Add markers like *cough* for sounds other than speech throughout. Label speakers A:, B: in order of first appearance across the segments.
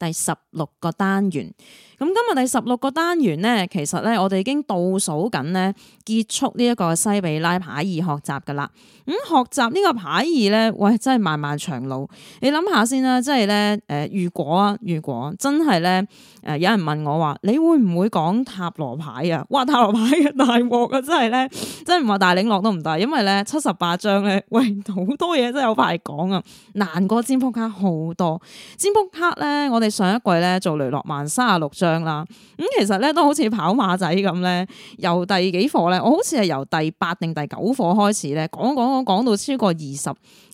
A: 第十六個單元，咁今日第十六個單元咧，其實咧我哋已經倒數緊咧結束呢一個西比拉牌意學習噶啦。咁、嗯、學習呢個牌意咧，喂真係漫漫長路。你諗下先啦，即係咧，誒如果啊，如果，如果真係咧，誒、呃、有人問我話，你會唔會講塔羅牌啊？哇塔羅牌嘅大鑊啊，真係咧，真係唔話大領落都唔大，因為咧七十八張咧，喂好多嘢真係有排講啊，難過占卜卡好多，占卜卡咧我哋。上一季咧，做雷諾曼三十六張啦，咁其實咧都好似跑馬仔咁咧，由第幾課咧？我好似係由第八定第九課開始咧，講講講講到超過二十。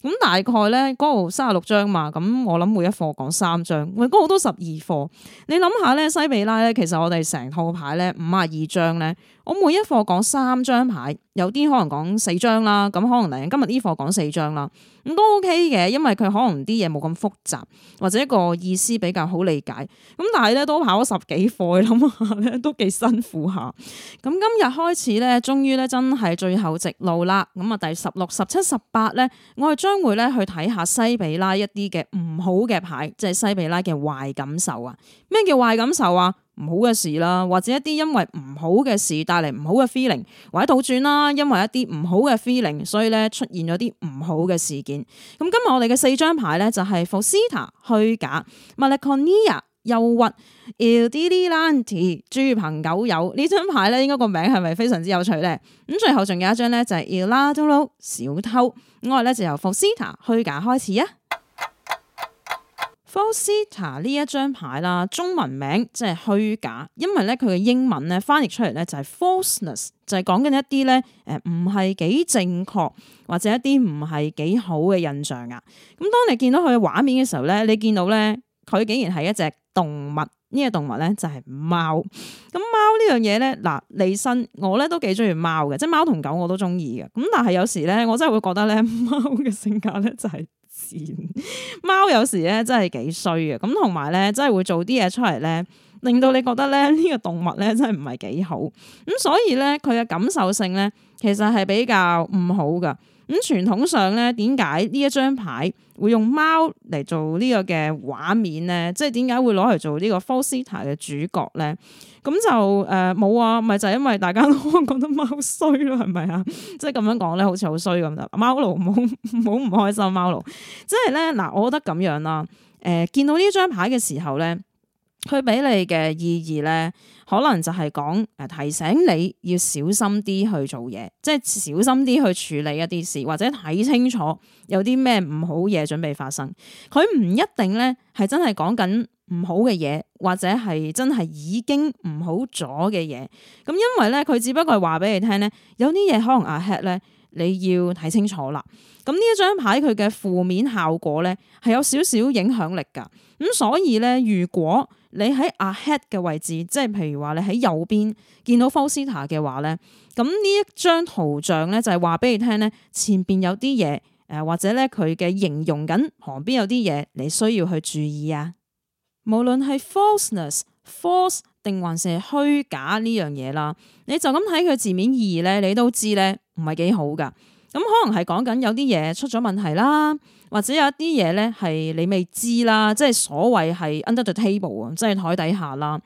A: 咁大概咧嗰度三十六張嘛，咁我諗每一課講三張，喂嗰個、那個、都十二課。你諗下咧，西比拉咧，其實我哋成套牌咧五十二張咧，我每一課講三張牌，有啲可能講四張啦，咁可能嚟今日呢課講四張啦，咁都 OK 嘅，因為佢可能啲嘢冇咁複雜，或者個意思比較好理解。咁但係咧都跑咗十幾課，你諗下咧都幾辛苦下。咁今日開始咧，終於咧真係最後直路啦。咁啊，第十六、十七、十八咧，我係將。都會咧去睇下西比拉一啲嘅唔好嘅牌，即係西比拉嘅壞感受啊！咩叫壞感受啊？唔好嘅事啦，或者一啲因為唔好嘅事帶嚟唔好嘅 feeling，或者倒轉啦，因為一啲唔好嘅 feeling，所以咧出現咗啲唔好嘅事件。咁今日我哋嘅四張牌咧就係 Foster 虛假、Malinconia。憂鬱，搖啲啲爛字，豬朋狗友呢張牌咧，應該個名係咪非常之有趣咧？咁最後仲有一張咧，就係 Il Ladro，小偷。咁我哋咧就由 Falsità 虛假開始啊。Falsità 呢一張牌啦，中文名即係虛假，因為咧佢嘅英文咧翻譯出嚟咧就係 falseness，就係講緊一啲咧誒唔係幾正確或者一啲唔係幾好嘅印象啊。咁當你見到佢嘅畫面嘅時候咧，你見到咧佢竟然係一隻。動物呢、這個動物咧就係貓，咁貓呢樣嘢咧嗱，你身，我咧都幾中意貓嘅，即係貓同狗我都中意嘅。咁但係有時咧，我真係會覺得咧貓嘅性格咧就係賤，貓有時咧真係幾衰嘅。咁同埋咧，真係會做啲嘢出嚟，咧令到你覺得咧呢個動物咧真係唔係幾好。咁所以咧，佢嘅感受性咧其實係比較唔好噶。咁傳統上咧，點解呢一張牌會用貓嚟做個畫呢個嘅畫面咧？即係點解會攞嚟做呢個 Foster 嘅主角咧？咁就誒冇、呃、啊，咪就係、是，因為大家都覺得貓衰咯，係咪啊？即係咁樣講咧，好似好衰咁。貓奴冇冇唔開心，貓奴即係咧嗱，我覺得咁樣啦。誒、呃，見到呢張牌嘅時候咧。佢俾你嘅意義咧，可能就係講誒，提醒你要小心啲去做嘢，即係小心啲去處理一啲事，或者睇清楚有啲咩唔好嘢準備發生。佢唔一定咧，係真係講緊唔好嘅嘢，或者係真係已經唔好咗嘅嘢。咁因為咧，佢只不過係話俾你聽咧，有啲嘢可能 ahead 咧。你要睇清楚啦。咁呢一張牌佢嘅負面效果咧，係有少少影響力噶。咁所以咧，如果你喺阿、ah、Head 嘅位置，即係譬如話你喺右邊見到 Foster 嘅話咧，咁呢一張圖像咧就係話俾你聽咧，前邊有啲嘢誒，或者咧佢嘅形容緊旁邊有啲嘢，你需要去注意啊。無論係 falseness、false 定還是係虛假呢樣嘢啦，你就咁睇佢字面意義咧，你都知咧。唔係幾好噶，咁可能係講緊有啲嘢出咗問題啦，或者有一啲嘢咧係你未知啦，即係所謂係 under the table，即係台底下啦。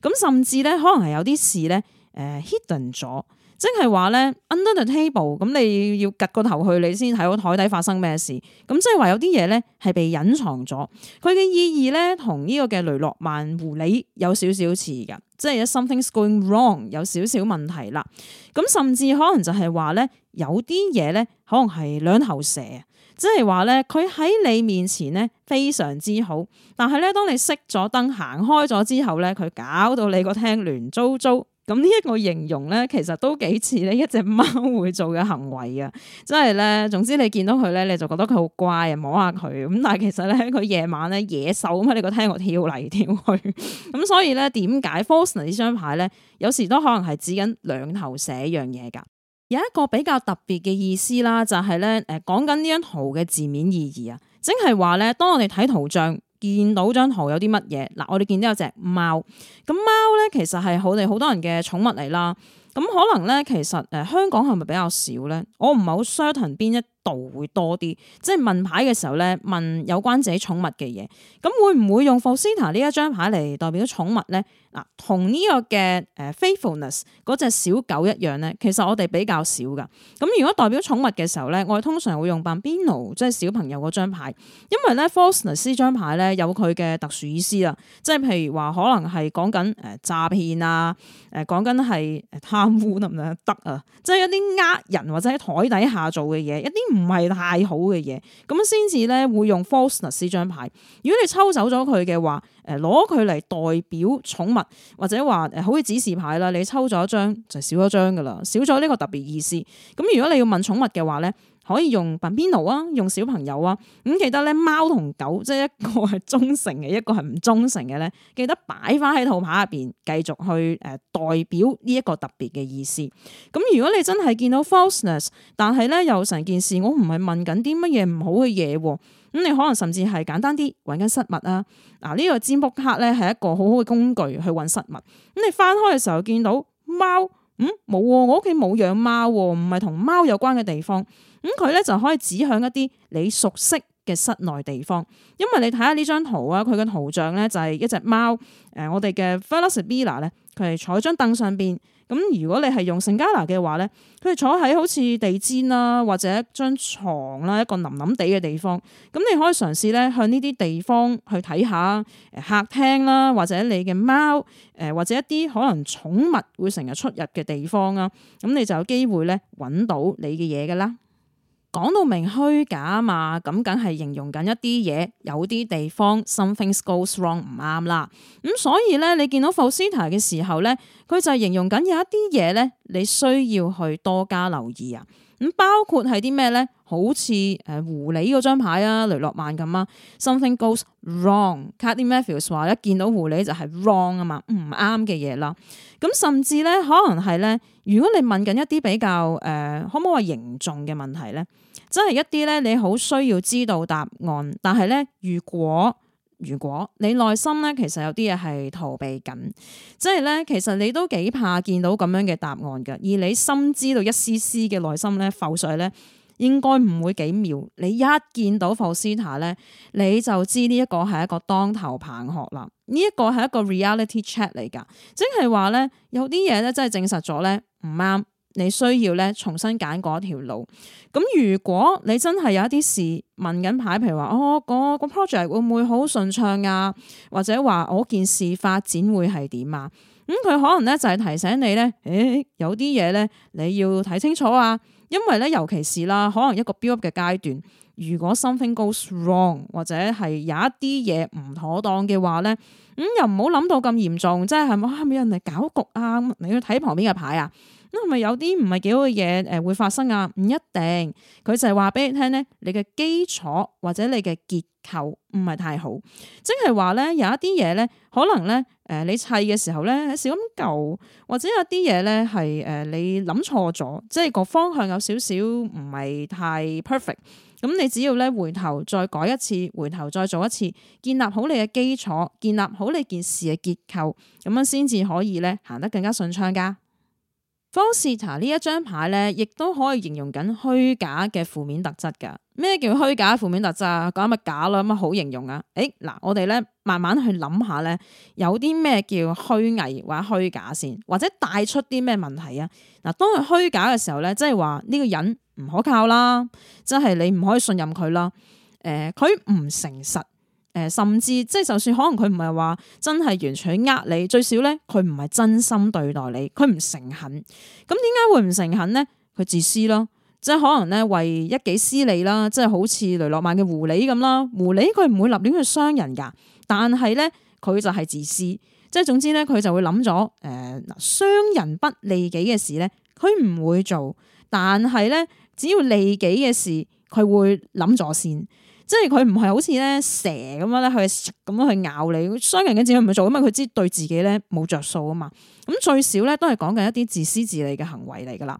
A: 咁甚至咧，可能係有啲事咧誒 hidden 咗，即係話咧 under the table，咁你要隔個頭去，你先睇到台底發生咩事。咁即係話有啲嘢咧係被隱藏咗，佢嘅意義咧同呢個嘅雷諾曼狐狸有少少似噶。即係有 something's going wrong，有少少問題啦。咁甚至可能就係話咧，有啲嘢咧，可能係兩頭蛇，即係話咧，佢喺你面前咧非常之好，但係咧，當你熄咗燈行開咗之後咧，佢搞到你個廳亂糟糟。咁呢一個形容咧，其實都幾似咧一隻貓會做嘅行為啊！即係咧，總之你見到佢咧，你就覺得佢好乖啊，摸下佢。咁但係其實咧，佢夜晚咧野獸咁喺你個廳度跳嚟跳去。咁、 *laughs* 嗯、所以咧，點解 Forsner 呢張牌咧，有時都可能係指緊兩頭寫樣嘢噶？有一個比較特別嘅意思啦，就係、是、咧，誒、呃，講緊呢張圖嘅字面意義啊，即係話咧，當我哋睇圖像，見到張圖有啲乜嘢？嗱，我哋見到有隻貓，咁貓咧其實係我哋好多人嘅寵物嚟啦。咁可能咧，其實誒香港係咪比較少咧？我唔係好 sure 邊一。度會多啲，即係問牌嘅時候咧，問有關自己寵物嘅嘢，咁會唔會用 Fortuna 呢一張牌嚟代表寵物咧？嗱，同呢個嘅誒 Faithfulness 嗰隻小狗一樣咧，其實我哋比較少噶。咁如果代表寵物嘅時候咧，我哋通常會用 Bambino，即係小朋友嗰張牌，因為咧 Fortuna 呢張牌咧有佢嘅特殊意思說說說說啊，即係譬如話可能係講緊誒詐騙啊，誒講緊係誒貪污咁樣得啊，即係一啲呃人或者喺台底下做嘅嘢，一啲。唔係太好嘅嘢，咁先至咧會用 falseness 呢張牌。如果你抽走咗佢嘅話，誒，攞佢嚟代表寵物或者話誒，好似指示牌啦。你抽咗一張就是，少咗一張噶啦，少咗呢個特別意思。咁如果你要問寵物嘅話咧。可以用賓賓奴啊，用小朋友啊，咁記得咧貓同狗，即係一個係忠誠嘅，一個係唔忠誠嘅咧。記得擺翻喺套牌入邊，繼續去誒代表呢一個特別嘅意思。咁如果你真係見到 falseness，但係咧又成件事我，我唔係問緊啲乜嘢唔好嘅嘢喎。咁你可能甚至係簡單啲揾緊失物啊。嗱、這、呢個占卜卡咧係一個好好嘅工具去揾失物。咁你翻開嘅時候見到貓，嗯，冇，哦，我屋企冇養貓，唔係同貓有關嘅地方。咁佢咧就可以指向一啲你熟悉嘅室內地方。因為你睇下呢張圖啊，佢嘅圖像咧就係一隻貓，誒、呃，我哋嘅 Felix Vila 咧，佢係坐喺張凳上邊。咁如果你係用聖加拿嘅話咧，佢哋坐喺好似地氈啦，或者一張床啦，一個腍腍地嘅地方，咁你可以嘗試咧向呢啲地方去睇下，誒客廳啦，或者你嘅貓，誒或者一啲可能寵物會成日出入嘅地方啊，咁你就有機會咧揾到你嘅嘢㗎喇。講到明虛假嘛，咁梗係形容緊一啲嘢，有啲地方 something goes wrong 唔啱啦。咁、嗯、所以咧，你見到福斯特嘅時候咧，佢就係形容緊有一啲嘢咧，你需要去多加留意啊。咁包括係啲咩咧？好似誒狐狸嗰張牌啊，雷諾曼咁啊，something goes wrong。Cathy Matthews 話：一見到狐狸就係 wrong 啊嘛，唔啱嘅嘢啦。咁甚至咧，可能係咧，如果你問緊一啲比較誒、呃，可唔可以話凝重嘅問題咧？真係一啲咧，你好需要知道答案，但係咧，如果如果你內心咧，其實有啲嘢係逃避緊，即係咧，其實你都幾怕見到咁樣嘅答案噶，而你深知道一絲絲嘅內心咧浮上咧，應該唔會幾妙。你一見到福斯塔咧，你就知呢一個係一個當頭棒喝啦，呢一個係一個 reality check 嚟噶，即係話咧，有啲嘢咧真係證實咗咧唔啱。你需要咧重新揀嗰條路。咁如果你真係有一啲事問緊牌，譬如話哦嗰、那個 project 會唔會好順暢啊？或者話我件事發展會係點啊？咁、嗯、佢可能咧就係提醒你咧，誒、哎、有啲嘢咧你要睇清楚啊。因為咧，尤其是啦，可能一個 build up 嘅階段，如果 something goes wrong 或者係有一啲嘢唔妥當嘅話咧，咁、嗯、又唔好諗到咁嚴重，即係係咪啊？咪、哎、人哋搞局啊？你要睇旁邊嘅牌啊！咁係咪有啲唔係幾好嘅嘢，誒，會發生啊？唔一定，佢就係話俾你聽咧，你嘅基礎或者你嘅結構唔係太好，即係話咧有一啲嘢咧可能咧誒、呃，你砌嘅時候咧係小咁舊，或者有啲嘢咧係誒你諗錯咗，即係個方向有少少唔係太 perfect。咁你只要咧回頭再改一次，回頭再做一次，建立好你嘅基礎，建立好你件事嘅結構，咁樣先至可以咧行得更加順暢噶。方士塔呢一張牌咧，亦都可以形容緊虛假嘅負面特質噶。咩叫虛假負面特質啊？講乜假咯？有乜好形容啊？誒、欸，嗱，我哋咧慢慢去諗下咧，有啲咩叫虛偽或者虛假先，或者帶出啲咩問題啊？嗱，當佢虛假嘅時候咧，即係話呢個人唔可靠啦，即係你唔可以信任佢啦。誒、呃，佢唔誠實。誒，甚至即係，就算可能佢唔係話真係完全去呃你，最少咧佢唔係真心對待你，佢唔誠懇。咁點解會唔誠懇咧？佢自私咯，即係可能咧為一己私利啦，即係好似雷諾曼嘅狐狸咁啦。狐狸佢唔會立亂去傷人噶，但係咧佢就係自私。即係總之咧，佢就會諗咗誒，傷人不利己嘅事咧，佢唔會做。但係咧，只要利己嘅事，佢會諗咗先。即係佢唔係好似咧蛇咁樣咧去咁樣去咬你，傷人嘅自己唔做，因為佢知對自己咧冇着數啊嘛。咁最少咧都係講緊一啲自私自利嘅行為嚟噶啦。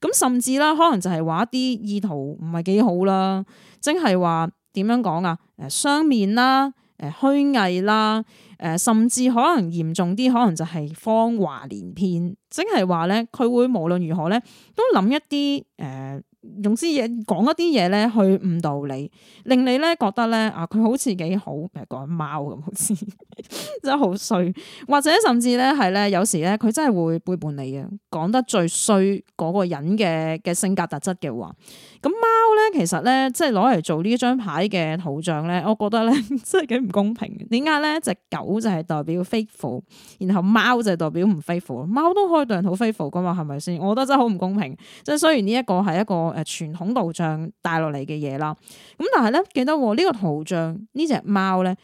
A: 咁甚至啦，可能就係話一啲意圖唔係幾好啦，即係話點樣講啊？誒、呃，雙面啦，誒、呃，虛偽啦，誒、呃，甚至可能嚴重啲，可能就係謊話連篇，即係話咧佢會無論如何咧都諗一啲誒。呃用啲嘢講一啲嘢咧，去誤導你，令你咧覺得咧啊，佢好似幾好，講貓咁，好似 *laughs* 真係好衰，或者甚至咧係咧，有時咧佢真係會背叛你嘅，講得最衰嗰個人嘅嘅性格特質嘅話，咁貓咧其實咧即係攞嚟做呢張牌嘅圖像咧，我覺得咧 *laughs* 真係幾唔公平。點解咧？隻狗就係代表 faithful，然後貓就係代表唔 faithful，貓都可以對人好 faithful 噶嘛，係咪先？我覺得真係好唔公平。即係雖然呢一個係一個。誒，傳統圖像帶落嚟嘅嘢啦，咁但係咧，記得呢、哦這個圖像隻貓呢隻貓咧，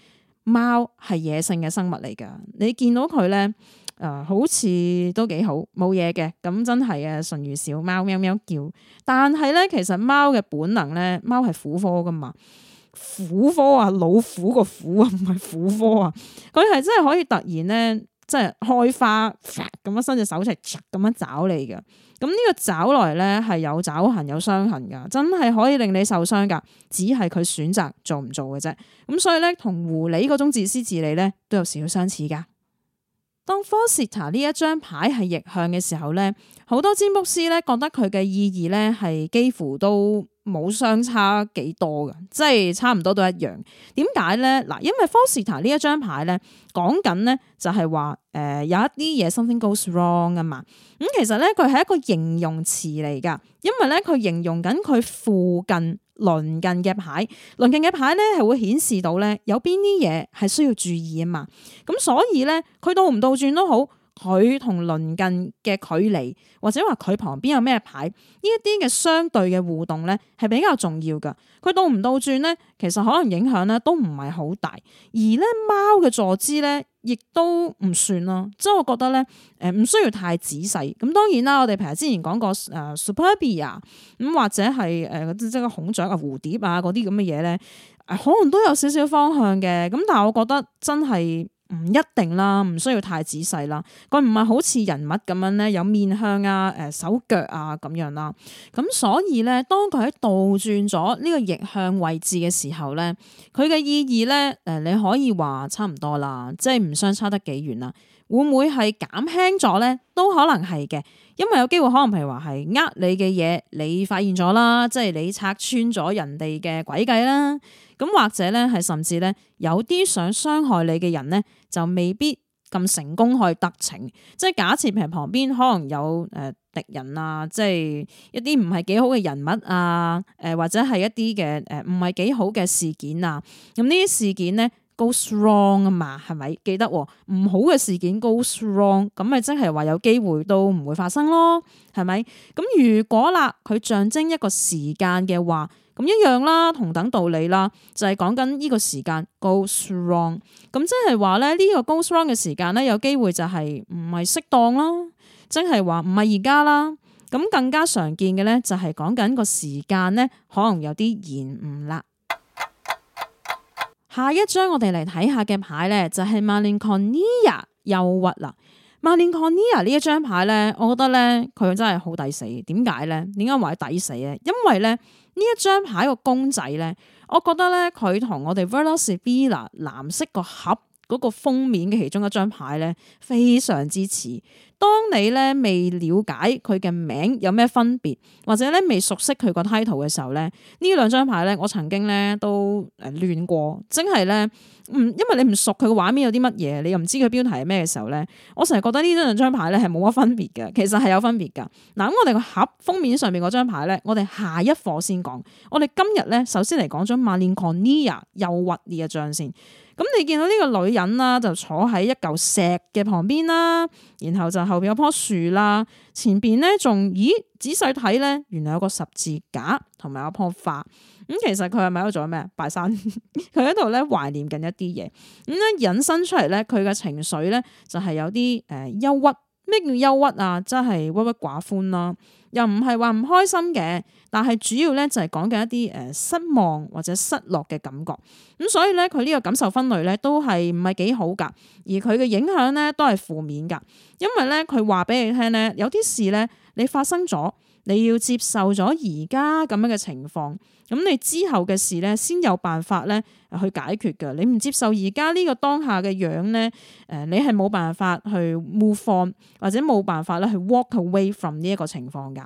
A: 貓係野性嘅生物嚟噶。你見到佢咧，誒、呃，好似都幾好，冇嘢嘅。咁真係嘅，純如小貓喵喵叫。但係咧，其實貓嘅本能咧，貓係虎科噶嘛，虎科啊，老虎個虎啊，唔係虎科啊，佢係真係可以突然咧，即係開花咁、呃呃、樣伸隻手出嚟咁樣抓你噶。咁呢個爪來咧係有爪痕，有傷痕噶，真係可以令你受傷噶，只係佢選擇做唔做嘅啫。咁所以咧，同狐狸呢個種自私自利咧都有少少相似噶。當 Forsitter 呢一張牌係逆向嘅時候咧，好多占卜師咧覺得佢嘅意義咧係幾乎都。冇相差幾多㗎，即係差唔多都一樣。點解咧？嗱，因為 Fortuna 呢一張牌咧，講緊咧就係話誒有一啲嘢 something goes wrong 啊嘛。咁、嗯、其實咧佢係一個形容詞嚟噶，因為咧佢形容緊佢附近鄰近嘅牌，鄰近嘅牌咧係會顯示到咧有邊啲嘢係需要注意啊嘛。咁、嗯、所以咧佢倒唔倒轉都好。佢同鄰近嘅距離，或者話佢旁邊有咩牌，呢一啲嘅相對嘅互動咧，係比較重要噶。佢倒唔倒轉咧，其實可能影響咧都唔係好大。而咧貓嘅坐姿咧，亦都唔算咯。即係我覺得咧，誒唔需要太仔細。咁當然啦，我哋平時之前講過誒 Superbia，咁或者係誒即係個孔雀啊、蝴蝶啊嗰啲咁嘅嘢咧，可能都有少少方向嘅。咁但係我覺得真係。唔一定啦，唔需要太仔細啦。佢唔係好似人物咁樣咧，有面向啊、誒手腳啊咁樣啦。咁所以咧，當佢喺倒轉咗呢個逆向位置嘅時候咧，佢嘅意義咧，誒你可以話差唔多啦，即係唔相差得幾遠啦。會唔會係減輕咗咧？都可能係嘅。因為有機會可能譬如話係呃你嘅嘢，你發現咗啦，即係你拆穿咗人哋嘅詭計啦。咁或者咧係甚至咧，有啲想傷害你嘅人咧，就未必咁成功去得逞。即係假設譬如旁邊可能有誒敵人啊，即係一啲唔係幾好嘅人物啊，誒或者係一啲嘅誒唔係幾好嘅事件啊。咁呢啲事件咧。goes wrong 啊嘛，係咪記得唔好嘅事件 goes wrong，咁咪即係話有機會都唔會發生咯，係咪？咁如果啦，佢象徵一個時間嘅話，咁一樣啦，同等道理啦，就係講緊呢個時間 goes wrong，咁即係話咧呢、這個 goes wrong 嘅時間咧有機會就係唔係適當、就是、啦，即係話唔係而家啦，咁更加常見嘅咧就係講緊個時間咧可能有啲延誤啦。下一張我哋嚟睇下嘅牌咧，就係 Melancholia 憂鬱啦。Melancholia 呢一張牌咧，我覺得咧佢真係好抵死。點解咧？點解話佢抵死咧？因為咧呢一張牌個公仔咧，我覺得咧佢同我哋 Verlus Villa 藍色個盒。嗰個封面嘅其中一張牌咧，非常之似。當你咧未了解佢嘅名有咩分別，或者咧未熟悉佢個 title 嘅時候咧，兩張呢兩張牌咧，我曾經咧都誒亂過，真係咧唔，因為你唔熟佢嘅畫面有啲乜嘢，你又唔知佢標題係咩嘅時候咧，我成日覺得兩張呢張兩張牌咧係冇乜分別嘅，其實係有分別噶。嗱，咁我哋個盒封面上面嗰張牌咧，我哋下一課先講。我哋今日咧首先嚟講咗馬連狂尼亞又核裂一張先。咁你見到呢個女人啦，就坐喺一嚿石嘅旁邊啦，然後就後邊有棵樹啦，前邊咧仲咦，仔細睇咧，原來有個十字架同埋有一棵花。咁、嗯、其實佢係咪喺度做咩啊？拜山，佢喺度咧懷念緊一啲嘢。咁、嗯、咧引申出嚟咧，佢嘅情緒咧就係有啲誒憂鬱。咩、呃、叫憂鬱啊？即係鬱鬱寡歡啦。又唔係話唔開心嘅，但係主要咧就係講緊一啲誒失望或者失落嘅感覺，咁所以咧佢呢個感受分類咧都係唔係幾好噶，而佢嘅影響咧都係負面噶，因為咧佢話俾你聽咧，有啲事咧你發生咗，你要接受咗而家咁樣嘅情況。咁你之後嘅事咧，先有辦法咧去解決嘅。你唔接受而家呢個當下嘅樣咧，誒，你係冇辦法去 move on 或者冇辦法咧去 walk away from 呢一個情況㗎。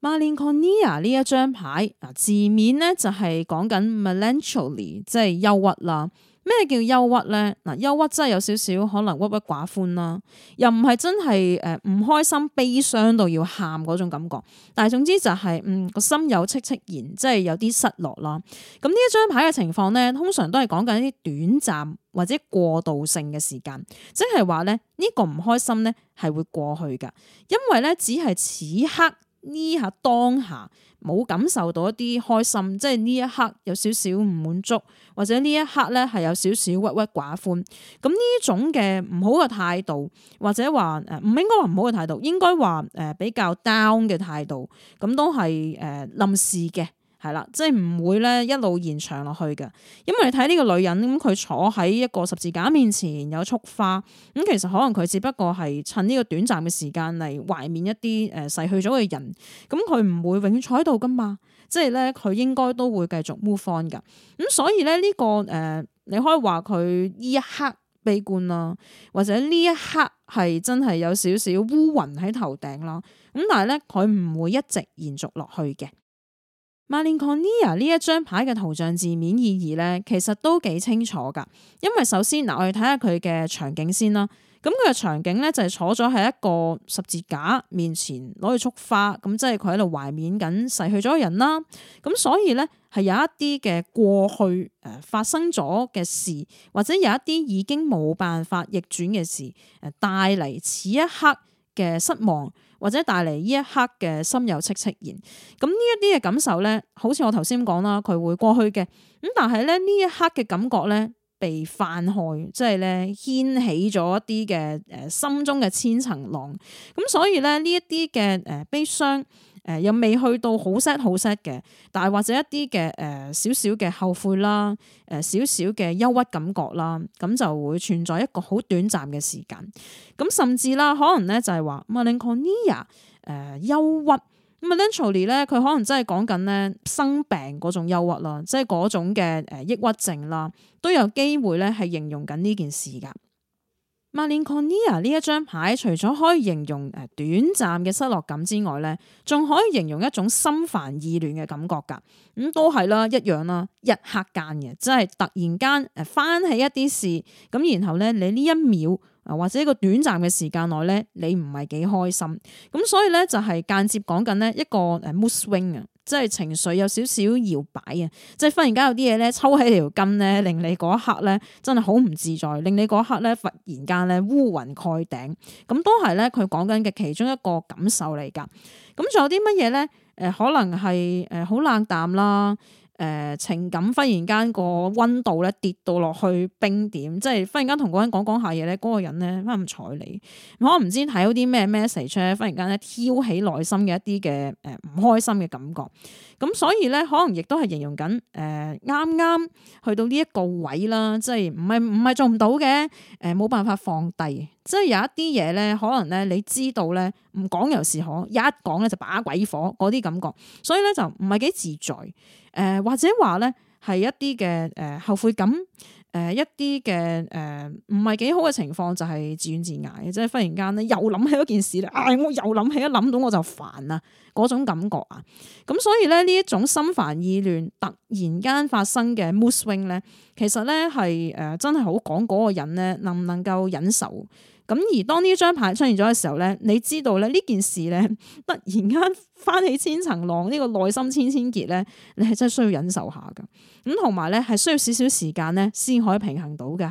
A: Malinconia 呢一張牌啊，字面咧就係講緊 melancholy，即係憂鬱啦。咩叫憂鬱咧？嗱，憂鬱真係有少少可能鬱鬱寡歡啦，又唔係真係誒唔開心、悲傷到要喊嗰種感覺。但係總之就係、是，嗯個心有戚戚然，即係有啲失落啦。咁呢一張牌嘅情況咧，通常都係講緊一啲短暫或者過渡性嘅時間，即係話咧呢個唔開心咧係會過去噶，因為咧只係此刻。呢下當下冇感受到一啲開心，即係呢一刻有少少唔滿足，或者呢一刻咧係有少少鬱鬱寡歡。咁呢種嘅唔好嘅態度，或者話誒唔應該話唔好嘅態度，應該話誒比較 down 嘅態度，咁都係誒臨時嘅。係啦，即係唔會咧一路延長落去嘅，因為你睇呢個女人咁，佢坐喺一個十字架面前，有束花，咁其實可能佢只不過係趁呢個短暫嘅時間嚟懷念一啲誒逝去咗嘅人，咁佢唔會永遠坐喺度噶嘛，即係咧佢應該都會繼續 move on 噶，咁所以咧呢、這個誒、呃，你可以話佢呢一刻悲觀啦，或者呢一刻係真係有少少烏雲喺頭頂咯，咁但係咧佢唔會一直延續落去嘅。Malinconia 呢一張牌嘅圖像字面意義咧，其實都幾清楚噶。因為首先，嗱，我哋睇下佢嘅場景先啦。咁佢嘅場景咧就係坐咗喺一個十字架面前，攞去束花，咁即係佢喺度懷緬緊逝去咗人啦。咁所以咧係有一啲嘅過去誒發生咗嘅事，或者有一啲已經冇辦法逆轉嘅事，誒帶嚟此一刻嘅失望。或者帶嚟呢一刻嘅心有戚戚焉。咁呢一啲嘅感受咧，好似我頭先講啦，佢會過去嘅，咁但係咧呢一刻嘅感覺咧被泛害，即係咧掀起咗一啲嘅誒心中嘅千層浪，咁所以咧呢一啲嘅誒悲傷。誒又未去到好 s e t 好 s e t 嘅，但係或者一啲嘅誒少少嘅後悔啦，誒少少嘅憂鬱感覺啦，咁就會存在一個好短暫嘅時間。咁甚至啦，可能咧就係話 Melancholia 誒憂鬱咁 Melancholy 咧，佢可能真係講緊咧生病嗰種憂鬱啦，即係嗰種嘅誒、呃、抑鬱症啦，都有機會咧係形容緊呢件事㗎。Malinconia 萬念俱灰呢一張牌，除咗可以形容誒短暫嘅失落感之外咧，仲可以形容一種心煩意亂嘅感覺㗎。咁、嗯、都係啦，一樣啦，一刻間嘅，即係突然間誒、呃、翻起一啲事，咁然後咧，你呢一秒，或者一個短暫嘅時間內咧，你唔係幾開心，咁所以咧就係間接講緊呢一個誒 mood swing 啊，即係情緒有少少搖擺啊，即係忽然間有啲嘢咧抽起條筋咧，令你嗰一刻咧真係好唔自在，令你嗰一刻咧忽然間咧烏雲蓋頂，咁都係咧佢講緊嘅其中一個感受嚟噶。咁仲有啲乜嘢咧？誒，可能係誒好冷淡啦。誒、呃，情感忽然間個溫度咧跌到落去冰點，即係忽然間同嗰個人講講下嘢咧，嗰、那個人咧忽然唔睬你，可能唔知睇到啲咩 message 咧，忽然間咧挑起內心嘅一啲嘅誒唔開心嘅感覺。咁所以咧，可能亦都係形容緊誒啱啱去到呢一個位啦，即係唔係唔係做唔到嘅，誒冇辦法放低，即係有一啲嘢咧，可能咧你知道咧，唔講又是可，一講咧就把鬼火嗰啲感覺，所以咧就唔係幾自在，誒、呃、或者話咧係一啲嘅誒後悔感。誒、呃、一啲嘅誒唔係幾好嘅情況就係自怨自艾，即係忽然間咧又諗起嗰件事咧，唉、啊、我又諗起，諗到我就煩啦嗰種感覺啊，咁所以咧呢一種心煩意亂突然間發生嘅 mood swing 咧，其實咧係誒真係好講嗰個人咧能唔能夠忍受。咁而當呢張牌出現咗嘅時候咧，你知道咧呢件事咧突然間翻起千層浪，呢個內心千千結咧，你係真係需要忍受下噶。咁同埋咧係需要少少時間咧先可以平衡到嘅。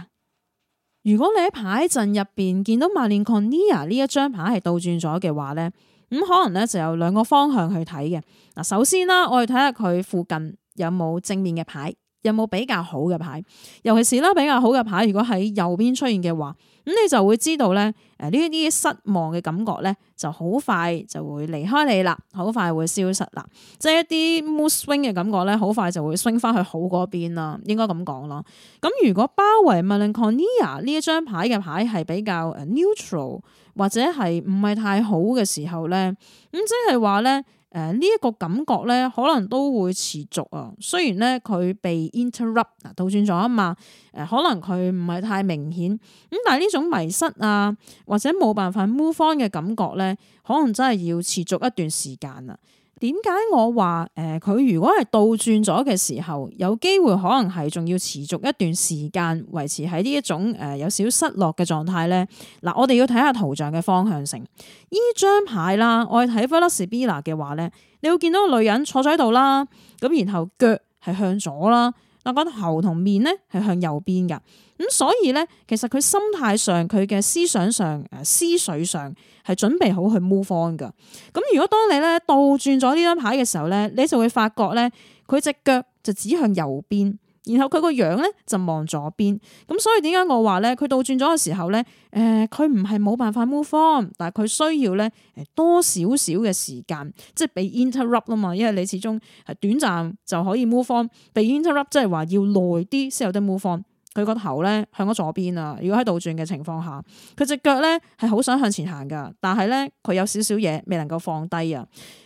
A: 如果你喺牌陣入邊見到萬年礦呢啊呢一張牌係倒轉咗嘅話咧，咁可能咧就有兩個方向去睇嘅。嗱，首先啦，我哋睇下佢附近有冇正面嘅牌。有冇比較好嘅牌？尤其是啦，比較好嘅牌，如果喺右邊出現嘅話，咁你就會知道咧，誒呢一啲失望嘅感覺咧，就好快就會離開你啦，好快會消失啦，即係一啲 mood swing 嘅感覺咧，好快就會升翻去好嗰邊啦，應該咁講咯。咁如果包圍 Melancholia 呢一張牌嘅牌係比較 neutral 或者係唔係太好嘅時候咧，咁即係話咧。誒呢一個感覺咧，可能都會持續啊。雖然咧佢被 interrupt 倒轉咗啊嘛，誒可能佢唔係太明顯咁，但係呢種迷失啊或者冇辦法 move on 嘅感覺咧，可能真係要持續一段時間啊。點解我話誒，佢、呃、如果係倒轉咗嘅時候，有機會可能係仲要持續一段時間，維持喺呢一種誒、呃、有少少失落嘅狀態咧？嗱、呃，我哋要睇下圖像嘅方向性，呢張牌啦，我睇弗拉什比納嘅話咧，你會見到個女人坐咗喺度啦，咁然後腳係向左啦。我個頭同面咧係向右邊嘅，咁所以咧其實佢心態上、佢嘅思想上、誒思緒上係準備好去 move on 噶。咁如果當你咧倒轉咗呢張牌嘅時候咧，你就會發覺咧佢隻腳就指向右邊。然後佢個樣咧就望左邊，咁所以點解我話咧佢倒轉咗嘅時候咧，誒佢唔係冇辦法 move forward，但係佢需要咧誒多少少嘅時間，即係被 interrupt 啦嘛，因為你始終係短暫就可以 move forward，被 interrupt 即係話要耐啲先有得 move forward。佢個頭咧向咗左邊啊，如果喺倒轉嘅情況下，佢隻腳咧係好想向前行噶，但係咧佢有少少嘢未能夠放低啊。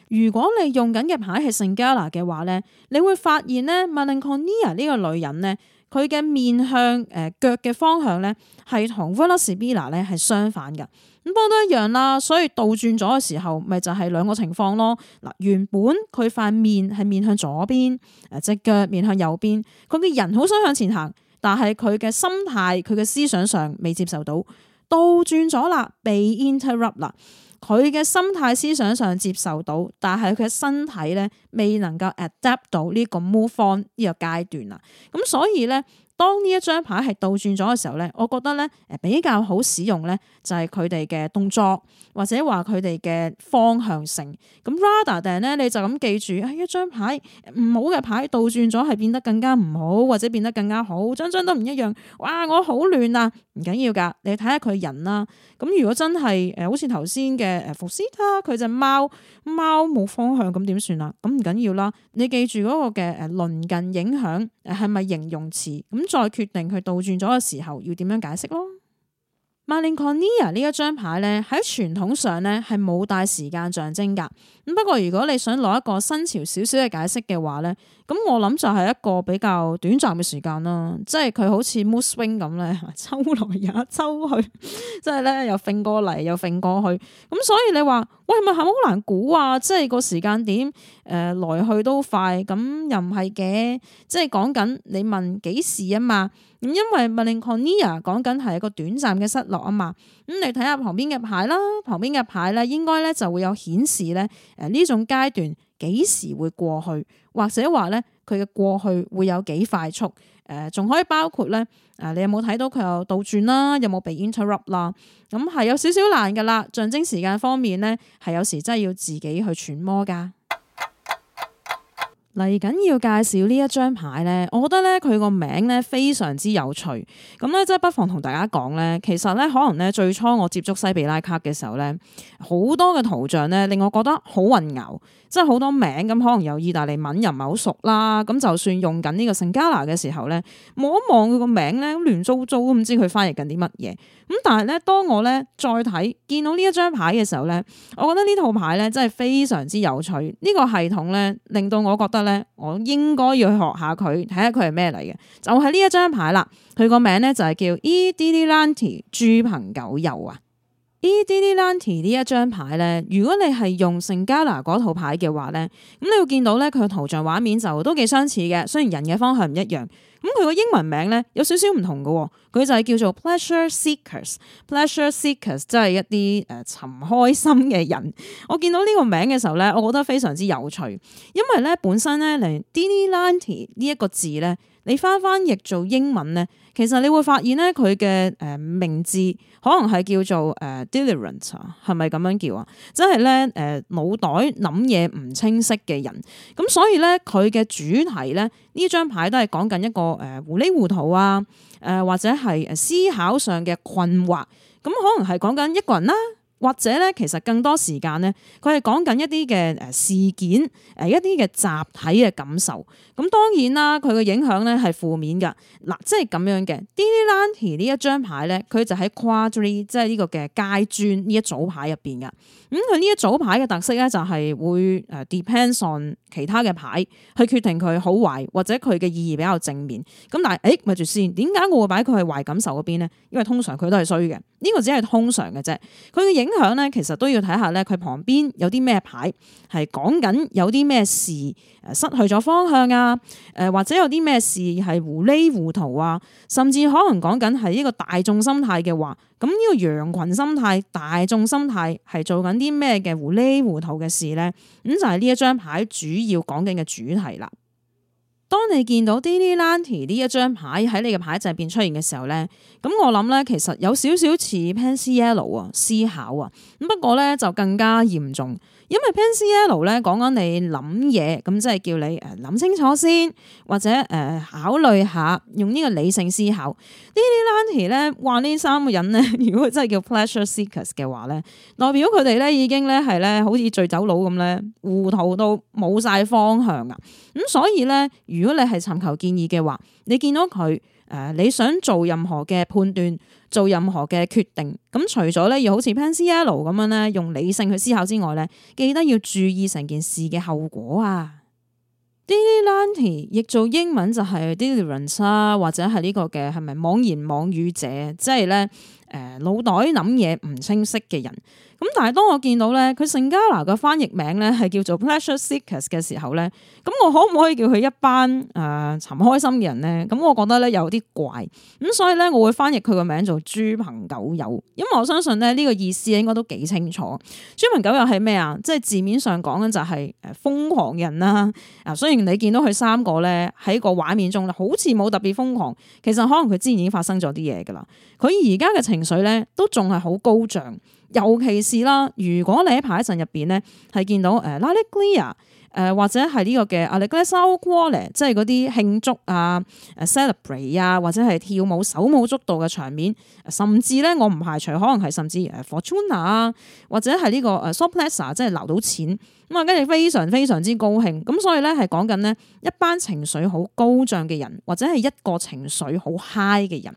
A: 如果你用緊嘅牌係聖加納嘅話咧，你會發現咧，Malinconia 呢個女人咧，佢嘅面向誒腳嘅方向咧係同 Velasbina 咧係相反噶。咁不過都一樣啦，所以倒轉咗嘅時候，咪就係、是、兩個情況咯。嗱，原本佢塊面係面向左邊，誒隻腳面向右邊，佢嘅人好想向前行，但係佢嘅心態、佢嘅思想上未接受到，倒轉咗啦，被 interrupt 啦。佢嘅心態思想上接受到，但係佢嘅身體咧未能夠 adapt 到呢個 move on 呢個階段啦，咁所以咧。當呢一張牌係倒轉咗嘅時候咧，我覺得咧誒比較好使用咧，就係佢哋嘅動作或者話佢哋嘅方向性。咁 rather 定係咧，你就咁記住，係、哎、一張牌唔好嘅牌倒轉咗係變得更加唔好，或者變得更加好，張張都唔一樣。哇，我好亂啊！唔緊要噶，你睇下佢人啦。咁如果真係誒好似頭先嘅誒福斯啦，佢隻貓貓冇方向，咁點算啊？咁唔緊要啦，你記住嗰個嘅誒鄰近影響，係咪形容詞咁？再決定佢倒轉咗嘅時候要點樣解釋咯。Malinconia 呢一張牌咧，喺傳統上咧係冇帶時間象徵㗎。咁不過如果你想攞一個新潮少少嘅解釋嘅話咧。咁我諗就係一個比較短暫嘅時間啦，即係佢好似 mood swing 咁咧，抽來也抽去，即係咧又揈過嚟又揈過去，咁所以你話喂，咪係咪好難估啊？即係個時間點誒、呃、來去都快，咁又唔係嘅，即係講緊你問幾時啊嘛？咁因為 Malinconia 講緊係一個短暫嘅失落啊嘛，咁、嗯、你睇下旁邊嘅牌啦，旁邊嘅牌咧，應該咧就會有顯示咧誒呢種階段。幾時會過去，或者話咧佢嘅過去會有幾快速？誒、呃，仲可以包括咧？誒、呃，你有冇睇到佢有倒轉啦？有冇被 interrupt 啦、啊？咁、嗯、係有少少難噶啦。象徵時間方面咧，係有時真係要自己去揣摩噶。嚟緊 *noise* 要介紹呢一張牌咧，我覺得咧佢個名咧非常之有趣。咁咧，即係不妨同大家講咧，其實咧可能咧最初我接觸西比拉卡嘅時候咧，好多嘅圖像咧令我覺得好混淆。真係好多名咁，可能又意大利文又唔係好熟啦。咁就算用緊呢個聖加納嘅時候咧，望一望佢個名咧，咁亂糟糟，都唔知佢翻譯緊啲乜嘢。咁但係咧，當我咧再睇見到呢一張牌嘅時候咧，我覺得呢套牌咧真係非常之有趣。呢、呢個系統咧，令到我覺得咧，我應該要去學下佢，睇下佢係咩嚟嘅？就係呢一張牌啦，佢個名咧就係叫 E D D Lanti，豬朋狗友啊！dilettante 呢一張牌咧，如果你係用聖加拿嗰套牌嘅話咧，咁你要見到咧佢嘅圖像畫面就都幾相似嘅，雖然人嘅方向唔一樣。咁佢個英文名咧有少少唔同嘅，佢就係叫做 Pleasure Seekers，Pleasure Seekers 即係一啲誒、呃、尋開心嘅人。我見到呢個名嘅時候咧，我覺得非常之有趣，因為咧本身咧嚟 dilettante 呢一個字咧。你翻翻譯做英文咧，其實你會發現咧，佢嘅誒名字可能係叫做誒 delirant 啊，係咪咁樣叫啊？即係咧誒，腦、呃、袋諗嘢唔清晰嘅人，咁所以咧佢嘅主題咧呢張牌都係講緊一個誒、呃、糊裡糊塗啊，誒、呃、或者係誒思考上嘅困惑，咁可能係講緊一個人啦。或者咧，其實更多時間咧，佢係講緊一啲嘅誒事件，誒一啲嘅集體嘅感受。咁當然啦，佢嘅影響咧係負面嘅。嗱，即係咁樣嘅。Dilanty 呢一張牌咧，佢就喺 Quadri，即係呢個嘅街磚呢一組牌入邊嘅。咁佢呢一組牌嘅特色咧，就係會誒 depends on 其他嘅牌去決定佢好壞或者佢嘅意義比較正面。咁但係誒，咪住先，點解我會擺佢係壞感受嗰邊咧？因為通常佢都係衰嘅，呢個只係通常嘅啫。佢嘅影響咧，其實都要睇下咧，佢旁邊有啲咩牌係講緊有啲咩事失去咗方向啊？誒或者有啲咩事係糊裏糊塗啊？甚至可能講緊係一個大眾心態嘅話。咁呢個羊群心態、大眾心態係做緊啲咩嘅糊裏糊塗嘅事咧？咁就係呢一張牌主要講緊嘅主題啦。當你見到 Dilettante 呢一張牌喺你嘅牌陣入邊出現嘅時候咧，咁我諗咧其實有少少似 Pencil 啊、思考啊，咁不過咧就更加嚴重。因為 PCL n 咧講緊你諗嘢，咁即係叫你誒諗清楚先，或者誒考慮下用呢個理性思考。呢啲難題咧，話呢三個人咧，如果真係叫 pleasure seekers 嘅話咧，代表佢哋咧已經咧係咧，好似醉酒佬咁咧，糊塗到冇晒方向啊！咁所以咧，如果你係尋求建議嘅話，你見到佢。誒，你想做任何嘅判斷，做任何嘅決定，咁除咗咧要好似 Pencil 咁樣咧，用理性去思考之外咧，記得要注意成件事嘅後果啊。Dilanty，亦做英文就係 Delusionist，或者係呢個嘅係咪妄言妄語者，即係咧誒，腦、呃、袋諗嘢唔清晰嘅人。咁但係，當我見到咧，佢聖加拿嘅翻譯名咧係叫做 Pleasure Seekers 嘅時候咧，咁我可唔可以叫佢一班誒、呃、尋開心嘅人咧？咁我覺得咧有啲怪咁，所以咧我會翻譯佢個名做豬朋狗友，因為我相信咧呢個意思應該都幾清楚。豬朋狗友係咩啊？即係字面上講緊就係誒瘋狂人啦。啊，雖然你見到佢三個咧喺個畫面中好似冇特別瘋狂，其實可能佢之前已經發生咗啲嘢噶啦。佢而家嘅情緒咧都仲係好高漲。尤其是啦，如果你喺排陣入邊咧，係見到誒拉 i g h t 誒或者係呢、這個嘅 a l e 即係嗰啲慶祝啊、誒 celebrate 啊，或者係跳舞手舞足蹈嘅場面，甚至咧我唔排除可能係甚至誒 Fortuna 啊，或者係呢個誒 s u p l e x e 即係留到錢咁啊，跟住非常非常之高興。咁所以咧係講緊呢一班情緒好高漲嘅人，或者係一個情緒好 high 嘅人。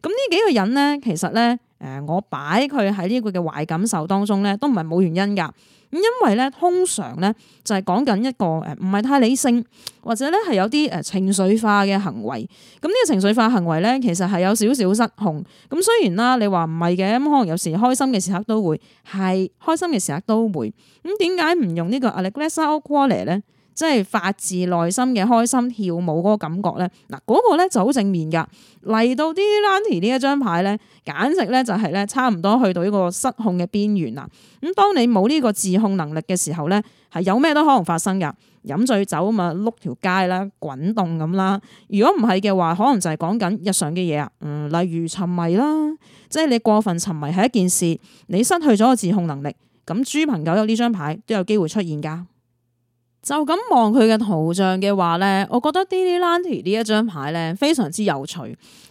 A: 咁呢幾個人咧，其實咧誒我擺佢喺呢個嘅壞感受當中咧，都唔係冇原因㗎。咁因為咧，通常咧就係講緊一個誒，唔係太理性，或者咧係有啲誒情緒化嘅行為。咁呢個情緒化行為咧，其實係有少少失控。咁雖然啦，你話唔係嘅，咁可能有時開心嘅時刻都會，係開心嘅時刻都會。咁點解唔用呢個 alegracia ocular 咧？即係發自內心嘅開心跳舞嗰個感覺咧，嗱、那、嗰個咧就好正面噶。嚟到啲 lady 呢一張牌咧，簡直咧就係咧差唔多去到呢個失控嘅邊緣啦。咁當你冇呢個自控能力嘅時候咧，係有咩都可能發生噶。飲醉酒啊嘛，碌條街啦，滾動咁啦。如果唔係嘅話，可能就係講緊日常嘅嘢啊。嗯，例如沉迷啦，即係你過分沉迷係一件事，你失去咗個自控能力，咁豬朋狗友呢張牌都有機會出現噶。就咁望佢嘅圖像嘅話咧，我覺得 Dilanty 呢一張牌咧非常之有趣，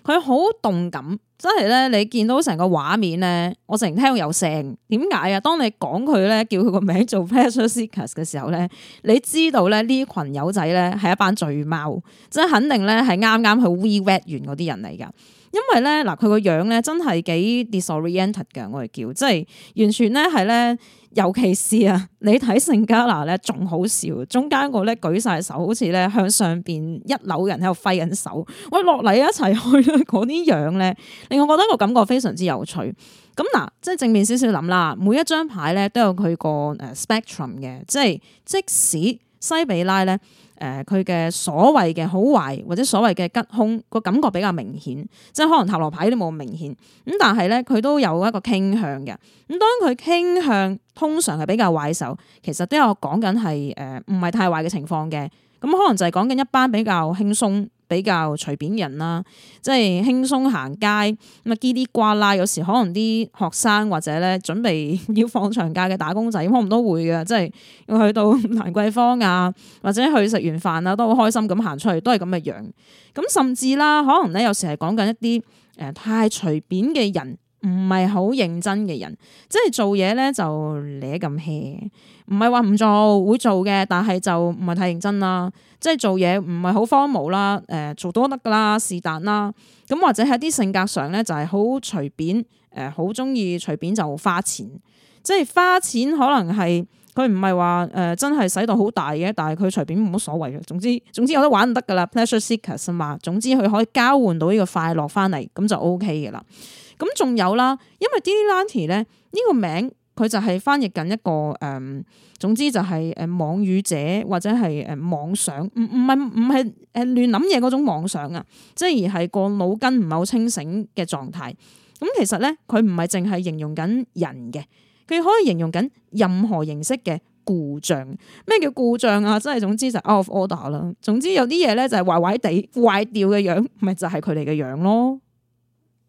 A: 佢好動感，真係咧你見到成個畫面咧，我成日聽到有聲。點解啊？當你講佢咧叫佢個名做 Pleasure Seekers 嘅時候咧，你知道咧呢群友仔咧係一班醉貓，即係肯定咧係啱啱去 wet 完嗰啲人嚟噶，因為咧嗱佢個樣咧真係幾 disoriented 嘅，我哋叫即係完全咧係咧。尤其是啊，你睇聖加拿咧，仲好笑。中間個咧舉晒手，好似咧向上邊一摟人喺度揮緊手。喂，落嚟一齊去啦！嗰啲樣咧，令我覺得個感覺非常之有趣。咁嗱，即係正面少少諗啦。每一張牌咧都有佢個誒 spectrum 嘅，即係即使西比拉咧。誒佢嘅所謂嘅好壞或者所謂嘅吉凶，個感覺比較明顯，即係可能塔羅牌都冇咁明顯，咁但係咧佢都有一個傾向嘅，咁當佢傾向通常係比較壞嘅時候，其實都有講緊係誒唔係太壞嘅情況嘅，咁可能就係講緊一班比較輕鬆，比較隨便人啦，即係輕鬆行街咁啊，嘰哩呱啦，有時可能啲學生或者咧準備要放長假嘅打工仔，可能都會嘅，即係要去到蘭桂坊啊，或者去食完飯啊，都好開心咁行出去，都係咁嘅樣。咁甚至啦，可能咧有時係講緊一啲誒太隨便嘅人。唔係好認真嘅人，即係做嘢咧就舐咁 hea，唔係話唔做會做嘅，但係就唔係太認真啦。即係、呃、做嘢唔係好荒謬啦，誒做多得噶啦，是但啦。咁或者喺啲性格上咧就係好隨便，誒好中意隨便就花錢，即係花錢可能係佢唔係話誒真係使到好大嘅，但係佢隨便冇乜所謂嘅。總之總之有得玩就得噶啦，pleasure seekers 嘛，總之佢可以交換到呢個快樂翻嚟，咁就 O K 嘅啦。咁仲有啦，因為 Dilanty 咧呢個名佢就係翻譯緊一個誒、呃，總之就係誒妄語者或者係誒妄想，唔唔係唔係誒亂諗嘢嗰種妄想啊，即係而係個腦筋唔係好清醒嘅狀態。咁其實咧，佢唔係淨係形容緊人嘅，佢可以形容緊任何形式嘅故障。咩叫故障啊？即係總之就 out of order 啦。總之有啲嘢咧就係壞壞地壞掉嘅樣，咪就係佢哋嘅樣咯。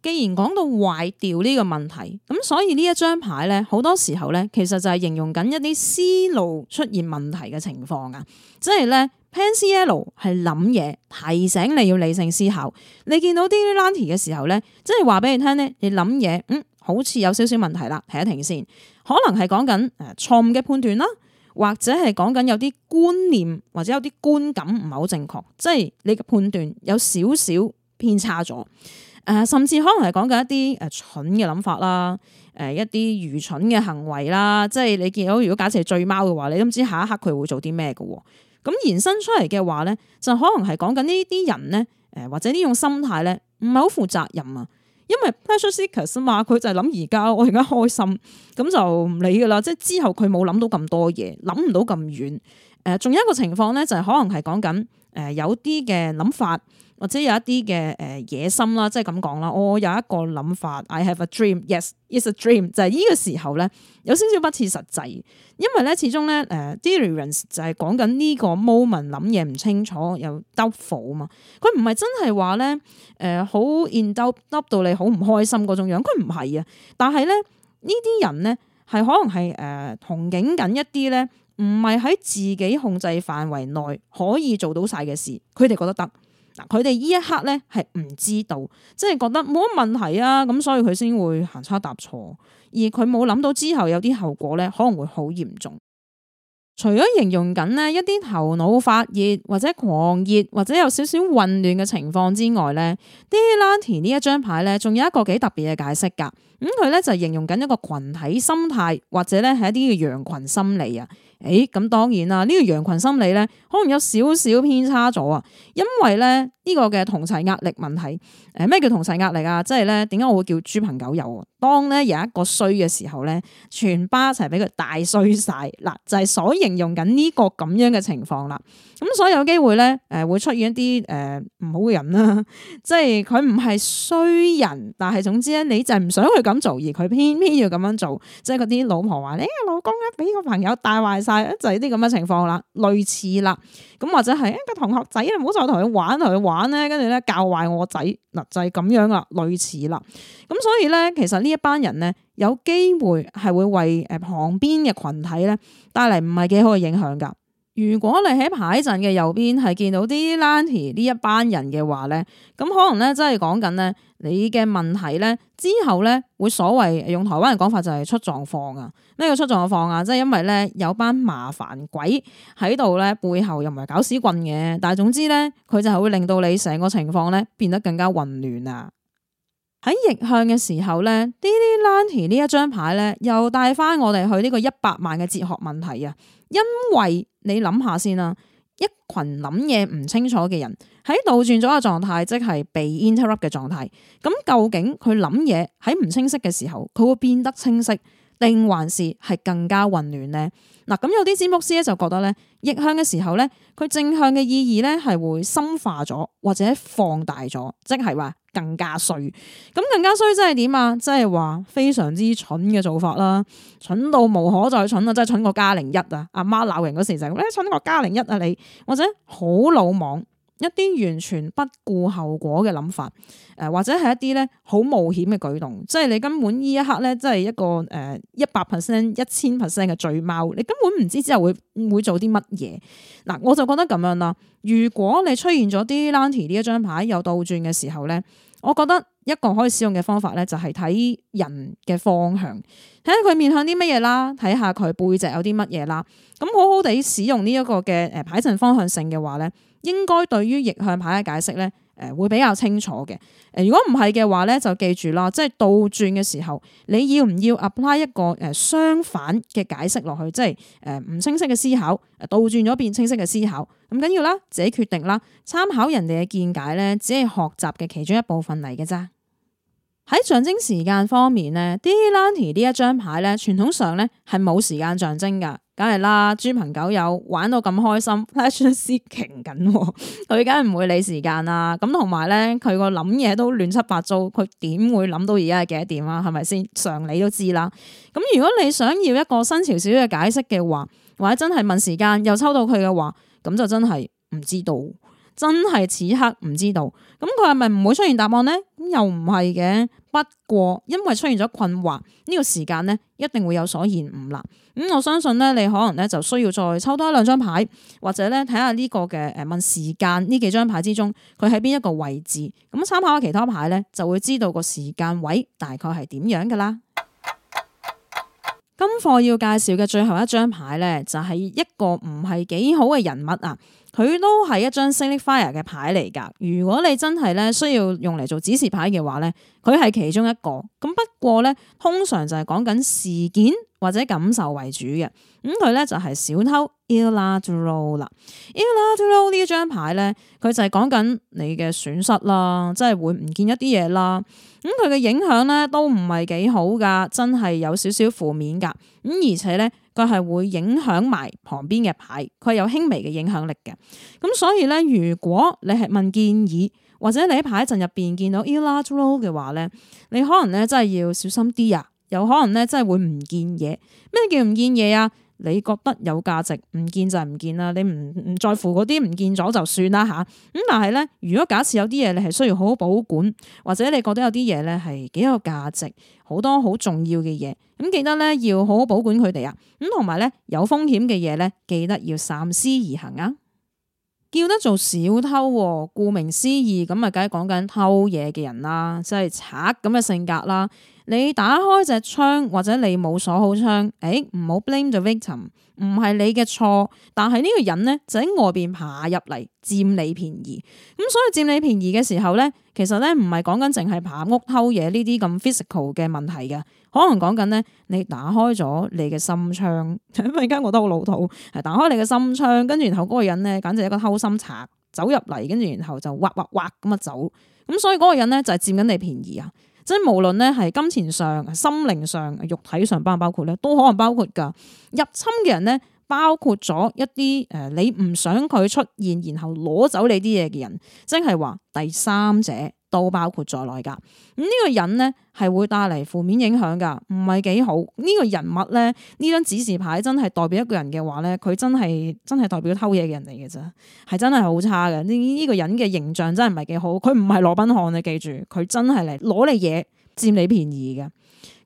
A: 既然講到壞掉呢個問題，咁所以呢一張牌咧，好多時候咧，其實就係形容緊一啲思路出現問題嘅情況啊。即係咧，Pen C L 係諗嘢，提醒你要理性思考。你見到啲 lanty 嘅時候咧，即係話俾你聽咧，你諗嘢，嗯，好似有少少問題啦，停一停先。可能係講緊誒錯誤嘅判斷啦，或者係講緊有啲觀念或者有啲觀感唔係好正確，即係你嘅判斷有少少偏差咗。誒，甚至可能係講緊一啲誒蠢嘅諗法啦，誒、呃、一啲愚蠢嘅行為啦，即係你見到如果假設係醉貓嘅話，你都唔知下一刻佢會做啲咩嘅。咁延伸出嚟嘅話咧，就可能係講緊呢啲人咧，誒、呃、或者呢種心態咧，唔係好負責任啊。因為 pleasure seekers 啊嘛，佢就係諗而家我而家開心，咁就唔理噶啦。即係之後佢冇諗到咁多嘢，諗唔到咁遠。誒、呃，仲有一個情況咧，就係可能係講緊誒有啲嘅諗法。或者有一啲嘅誒野心啦，即係咁講啦。我、哦、有一個諗法，I have a dream, yes, it's a dream。就係呢個時候咧，有少少不切實際，因為咧始終咧誒 delirance 就係講緊呢個 moment 諗嘢唔清楚又 double 嘛。佢唔係真係話咧誒，好 end up 到你好唔開心嗰種樣，佢唔係啊。但係咧呢啲人咧係可能係誒、呃、憧憬緊一啲咧，唔係喺自己控制範圍內可以做到晒嘅事，佢哋覺得得。佢哋呢一刻咧係唔知道，即係覺得冇乜問題啊，咁所以佢先會行差踏錯，而佢冇諗到之後有啲後果咧可能會好嚴重。除咗形容緊呢一啲頭腦發熱或者狂熱或者有少少混亂嘅情況之外咧，Dilanti 呢一張牌咧，仲有一個幾特別嘅解釋噶。咁佢咧就形容緊一個群體心態或者咧係一啲嘅羊群心理啊。誒咁、欸、當然啦，呢、這個羊群心理咧，可能有少少偏差咗啊。因為咧呢個嘅同齊壓力問題，誒、呃、咩叫同齊壓力啊？即係咧點解我會叫豬朋狗友啊？當咧有一個衰嘅時候咧，全班一齊俾佢大衰晒，嗱就係、是、所形容緊呢個咁樣嘅情況啦。咁所以有機會咧誒會出現一啲誒唔好嘅人啦，即係佢唔係衰人，但係總之咧你就係唔想佢咁做，而佢偏偏要咁樣做，即係嗰啲老婆話：你、欸、老公咧俾個朋友帶壞曬。就係啲咁嘅情況啦，類似啦，咁或者係一個同學仔，唔好再同佢玩同佢玩咧，跟住咧教壞我仔，嗱就係、是、咁樣啦，類似啦，咁所以咧，其實一呢一班人咧，有機會係會為誒旁邊嘅群體咧帶嚟唔係幾好嘅影響噶。如果你喺排陣嘅右邊係見到啲 Lanty 呢一班人嘅話咧，咁可能咧真係講緊咧。你嘅問題咧，之後咧會所謂用台灣人講法就係出狀況啊！咩叫出狀況啊？即係因為咧有班麻煩鬼喺度咧背後又唔係搞屎棍嘅，但係總之咧佢就係會令到你成個情況咧變得更加混亂啊！喺逆向嘅時候咧，呢啲 lucky 呢一張牌咧又帶翻我哋去呢個一百萬嘅哲學問題啊！因為你諗下先啦。一群諗嘢唔清楚嘅人，喺倒轉咗嘅狀態，即係被 interrupt 嘅狀態。咁究竟佢諗嘢喺唔清晰嘅時候，佢會變得清晰？定還是係更加混亂呢？嗱，咁有啲占卜師咧就覺得咧，逆向嘅時候咧，佢正向嘅意義咧係會深化咗或者放大咗，即係話更加衰。咁更加衰即係點啊？即係話非常之蠢嘅做法啦，蠢到無可再蠢啦，即係蠢過加零一啊！阿媽鬧人嗰時就話你蠢過加零一啊你，或者好魯莽。一啲完全不顧後果嘅諗法，誒、呃、或者係一啲咧好冒險嘅舉動，即係你根本呢一刻咧，即係一個誒一百 percent、一千 percent 嘅醉貓，你根本唔知之後會會做啲乜嘢？嗱、呃，我就覺得咁樣啦。如果你出現咗啲 lanty 呢一張牌有倒轉嘅時候咧，我覺得一個可以使用嘅方法咧，就係睇人嘅方向，睇下佢面向啲乜嘢啦，睇下佢背脊有啲乜嘢啦，咁好好地使用呢一個嘅誒牌陣方向性嘅話咧。應該對於逆向牌嘅解釋咧，誒會比較清楚嘅。誒如果唔係嘅話咧，就記住啦，即係倒轉嘅時候，你要唔要 apply 一個誒相反嘅解釋落去，即係誒唔清晰嘅思考，誒倒轉咗變清晰嘅思考，咁緊要啦，自己決定啦。參考人哋嘅見解咧，只係學習嘅其中一部分嚟嘅咋。喺象徵時間方面咧，啲 lucky 呢一張牌咧，傳統上咧係冇時間象徵噶，梗係啦，豬朋狗友玩到咁開心，flash 咗絲 king 緊，佢梗係唔會理時間啦。咁同埋咧，佢個諗嘢都亂七八糟，佢點會諗到而家係幾多點啊？係咪先？常理都知啦。咁如果你想要一個新潮少少嘅解釋嘅話，或者真係問時間又抽到佢嘅話，咁就真係唔知道。真係此刻唔知道，咁佢係咪唔會出現答案呢？咁又唔係嘅，不過因為出現咗困惑，呢、這個時間呢一定會有所延誤啦。咁、嗯、我相信呢，你可能咧就需要再抽多一兩張牌，或者咧睇下呢個嘅誒問時間呢幾張牌之中，佢喺邊一個位置，咁、嗯、參考下其他牌咧，就會知道個時間位大概係點樣噶啦。今課要介紹嘅最後一張牌咧，就係一個唔係幾好嘅人物啊。佢都係一張 Signifier 嘅牌嚟噶。如果你真係咧需要用嚟做指示牌嘅話咧，佢係其中一個。咁不過咧，通常就係講緊事件或者感受為主嘅。咁佢咧就係小偷 Illadro 啦。Illadro 呢一張牌咧，佢就係講緊你嘅損失啦，即係會唔見一啲嘢啦。咁佢嘅影響咧都唔係幾好噶，真係有少少負面噶。咁、嗯、而且咧。佢係會影響埋旁邊嘅牌，佢有輕微嘅影響力嘅。咁所以咧，如果你係問建議或者你喺牌陣入邊見到 E l 拉 low 嘅話咧，你可能咧真係要小心啲啊。有可能咧真係會唔見嘢。咩叫唔見嘢啊？你覺得有價值唔見就係唔見啦，你唔唔在乎嗰啲唔見咗就算啦吓。咁但係咧，如果假設有啲嘢你係需要好好保管，或者你覺得有啲嘢咧係幾有價值，好多好重要嘅嘢，咁記得咧要好好保管佢哋啊。咁同埋咧有風險嘅嘢咧，記得要三思而行啊。叫得做小偷，顧名思義，咁啊，梗係講緊偷嘢嘅人啦，即係賊咁嘅性格啦。你打開隻窗或者你冇鎖好窗，誒唔好 blame the victim，唔係你嘅錯，但係呢個人咧就喺外邊爬入嚟佔你便宜，咁、嗯、所以佔你便宜嘅時候咧，其實咧唔係講緊淨係爬屋偷嘢呢啲咁 physical 嘅問題㗎，可能講緊咧你打開咗你嘅心窗，突然間覺得好老土，係打開你嘅心窗，跟住然後嗰個人咧簡直係一個偷心賊走入嚟，跟住然後就挖挖挖咁啊走，咁所以嗰個人咧就係佔緊你便宜啊！即係無論咧係金錢上、心靈上、肉體上，包唔包括咧，都可能包括㗎。入侵嘅人咧，包括咗一啲誒，你唔想佢出現，然後攞走你啲嘢嘅人，即係話第三者。都包括在內噶，咁、這、呢個人咧係會帶嚟負面影響噶，唔係幾好。呢、這個人物咧，呢張指示牌真係代表一個人嘅話咧，佢真係真係代表偷嘢嘅人嚟嘅啫，係真係好差嘅。呢、這、呢個人嘅形象真係唔係幾好，佢唔係羅賓漢你記住，佢真係嚟攞你嘢佔你便宜嘅。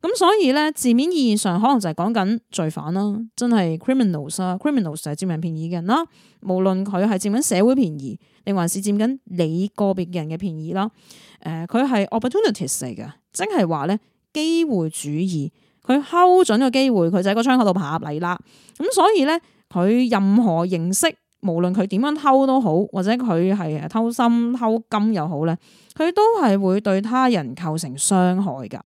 A: 咁所以咧，字面意義上可能就係講緊罪犯啦，真係 criminals criminals 就係佔人便宜嘅人啦，無論佢係佔緊社會便宜。你還是占緊你個別人嘅便宜啦？誒、呃，佢係 opportunities 嚟嘅，即係話咧機會主義，佢睺準個機會，佢就喺個窗口度爬入嚟啦。咁所以咧，佢任何形式，無論佢點樣偷都好，或者佢係誒偷心偷金又好咧，佢都係會對他人構成傷害噶。